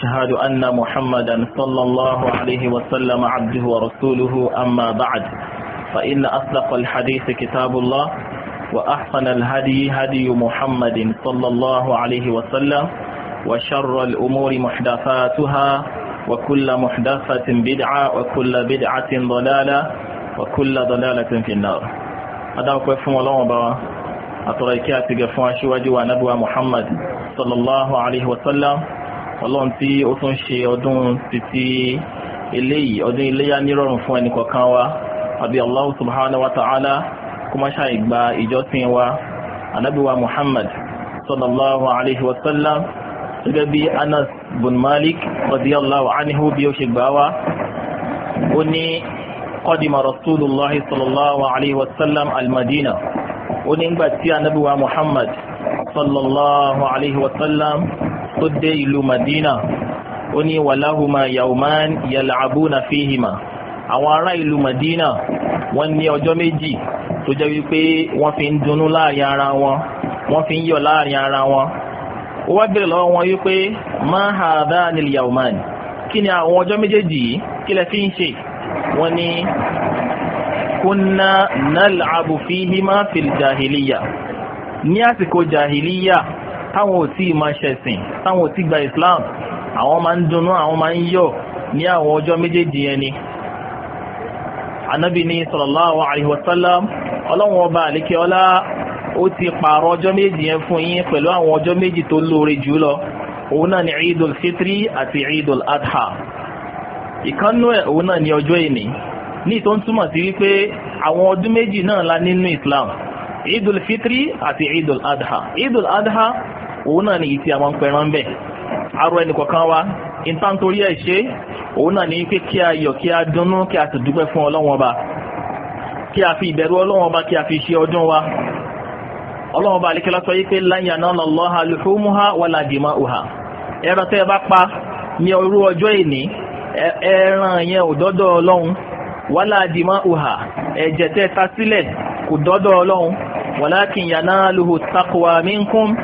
أشهد أن محمدا صلى الله عليه وسلم عبده ورسوله أما بعد فإن أصدق الحديث كتاب الله وأحسن الهدي هدي محمد صلى الله عليه وسلم وشر الأمور محدثاتها وكل محدثة بدعة وكل بدعة ضلالة وكل ضلالة في النار هذا هو كيف الله أتركاتك فواشواج ونبوى محمد صلى الله عليه وسلم ọlọ́run tí ó tún ṣe ọdún títí eléyìí ọdún iléyà nírọ̀rùn fún ẹnì kọ̀ọ̀kan wa àbí allah subhanahu wa ta'ala kó má ṣàì gba ìjọsìn wa ànábì wa muhammad sallallahu alayhi wa sallam gẹ́gẹ́ bí anas bin malik radiyallahu anhu bí ó ṣe gbà wá ó ní qadima rasulullah sallallahu alayhi wa sallam almadina ó ní ń gbà tí ànábì wa muhammad sallallahu alayhi wa sallam tó dé ìlú Madina ó ní wàláhùmá yauman yalabuna fihima àwọn ará ìlú Madina wọ́n ní ọjọ́ méjì tó jẹ́ wípé wọ́n fi ń dunnú láàrin ara wọn wọ́n fi ń yọ̀ láàrin ara wọn ó wá bèrè lọ́wọ́ wọn wípé ma hadhanil yauman kí ni àwọn ọjọ́ méjèèjì yìí kí lẹ fi ń ṣe wọ́n ní kunna nal'abu fihima fil jahiliya ní àsìkò jahiliya táwọn ò tí ì máa ṣẹ̀sìn táwọn ò tí gba Islam àwọn máa ń dunnú àwọn máa ń yọ̀ ní àwọn ọjọ́ méjèèjì yẹn ni anabi ni sallallahu alayhi wa sallam ọlọ́run ọba àlékè ọlá ó ti pààrọ̀ ọjọ́ méjì yẹn fún yín pẹ̀lú àwọn ọjọ́ méjì tó lóore jù lọ òun náà ni Eidul Fitri àti Eidul Adha ìkánú ẹ̀ òun náà ni ọjọ́ ìní ní tó túmọ̀ sí wípé àwọn ọdún méjì náà la nínú Islam Eidul Fitri àti Eidul Adha Eidul Adha òun náà ni ìtì àwọn pẹran bẹ̀ arọ ẹnìkọ̀ọ̀kan wa ìtàn torí ẹ̀ ṣe òun náà ni pé kí a yọ̀ kí a dunnú kí a fún ọlọ́wọ́n ọba kí a fi iberu ọlọ́wọ́n ọba kí a fi ṣe ọdún wa ọlọ́wọ́n ọba àlekẹ́lá sọ yí pé lan yanala Allaha luhumuha wala dima'uha ẹran tẹ́ ẹ bá pa ní orú ìní ẹran yẹn ò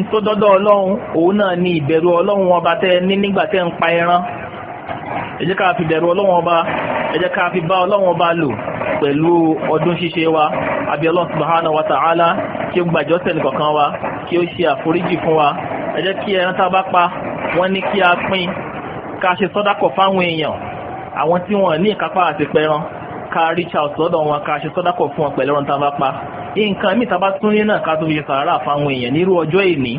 ntọ́dọ́dọ́ ọlọ́run òun náà ni ìbẹ̀rù ọlọ́run ọba tẹ́ ní nígbà tẹ́ ń pa ẹran ẹ jẹ́ ká fi bẹ̀rù ọlọ́run ọba ẹ jẹ́ ká fi bá ọlọ́run ọba lò pẹ̀lú ọdún ṣíṣe wa àbí Allah subhanahu wa ta'ala kí ó gbàjọ́ sẹ́ni kọ̀ọ̀kan wa kí ó ṣe àforíjì fún wa ẹ jẹ́ kí ẹran tá a bá pa wọ́n ní kí a pín ká ṣe sọ́dákọ̀ fáwọn èèyàn àwọn tí wọ́n ní ìkápá àti pẹran ká reach out lọ́dọ̀ wọn ká ṣe sọ́dákọ̀ fún wọn pẹ̀lú ẹran tá a bá pa nǹkan mi bá tún ní náà ká tó fi sàárà fáwọn èèyàn nírú ọjọ́ ìní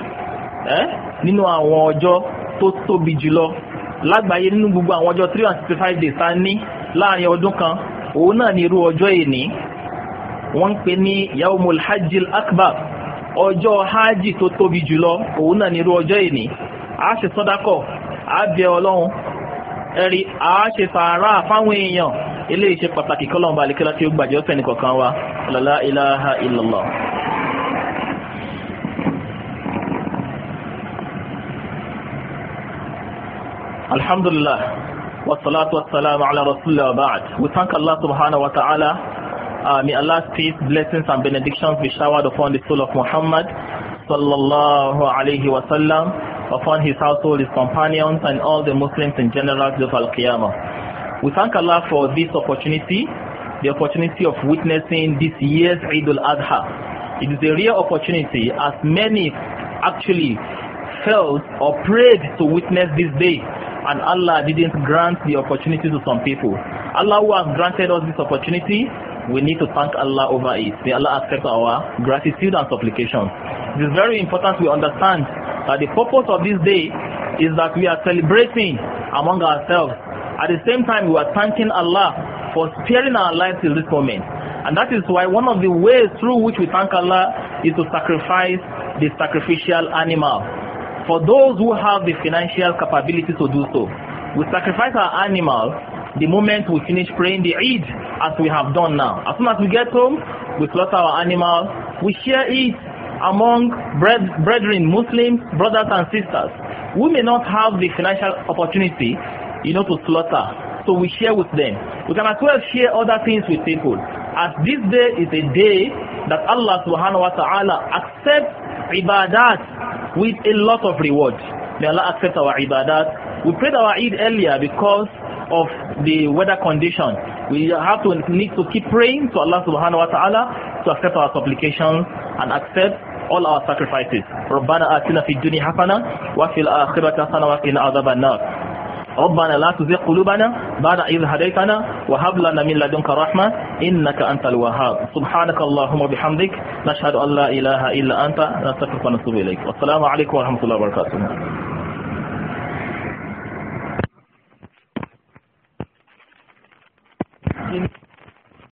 nínú àwọn ọjọ́ tó tóbi jùlọ lágbàáyé nínú gbogbo àwọn ọjọ́ three hundred sixty five days tá a ní láàrin ọdún kan òun náà ní irú ọjọ́ ìní wọ́n ń pè ní yaumul hajjil akbar ọjọ́ hajj tó tóbi jùlọ òun náà ní irú ọjọ́ ìní a ṣe sọ́dákọ̀ a bẹ ọlọ́run ẹ̀rí a ṣe sàárà fáwọn èèyàn eléyìí ṣe pàtàkì kọ́lọ́mù bá àlekẹ́lá tí ó gbàjọ́ fẹ́ni kọ̀ọ̀kan wa lọlá ilaha illallah. alhamdulillah wassalatu wassalamu ala rasulillah wa ba'd we thank Allah subhanahu wa ta'ala uh, may Allah's peace blessings and benedictions be showered upon the soul of Muhammad sallallahu alayhi wa sallam upon his household his companions and all the Muslims in general of al-Qiyamah We thank Allah for this opportunity, the opportunity of witnessing this year's Eid al-Adha. It is a real opportunity as many actually felt or prayed to witness this day and Allah didn't grant the opportunity to some people. Allah who has granted us this opportunity, we need to thank Allah over it. May Allah accept our gratitude and supplication. It is very important we understand that the purpose of this day is that we are celebrating among ourselves At the same time, we are thanking Allah for sparing our lives till this moment. And that is why one of the ways through which we thank Allah is to sacrifice the sacrificial animal. For those who have the financial capability to do so, we sacrifice our animal the moment we finish praying the Eid as we have done now. As soon as we get home, we slaughter our animal, we share it among brethren, Muslims, brothers and sisters. We may not have the financial opportunity you know, to slaughter. So we share with them. We can as well share other things with people. As this day is a day that Allah subhanahu wa ta'ala accepts ibadat with a lot of reward. May Allah accept our ibadat. We prayed our Eid earlier because of the weather condition. We have to need to keep praying to Allah subhanahu wa ta'ala to accept our supplications and accept all our sacrifices. ربنا آتنا في الدنيا حسنة وفي الآخرة حسنة وقنا عذاب النار. ربنا لا تزغ قلوبنا بعد إذ هديتنا وهب لنا من لدنك رحمة إنك أنت الوهاب سبحانك اللهم وبحمدك نشهد أن لا إله إلا أنت نستغفرك ونتوب إليك والسلام عليكم ورحمة الله وبركاته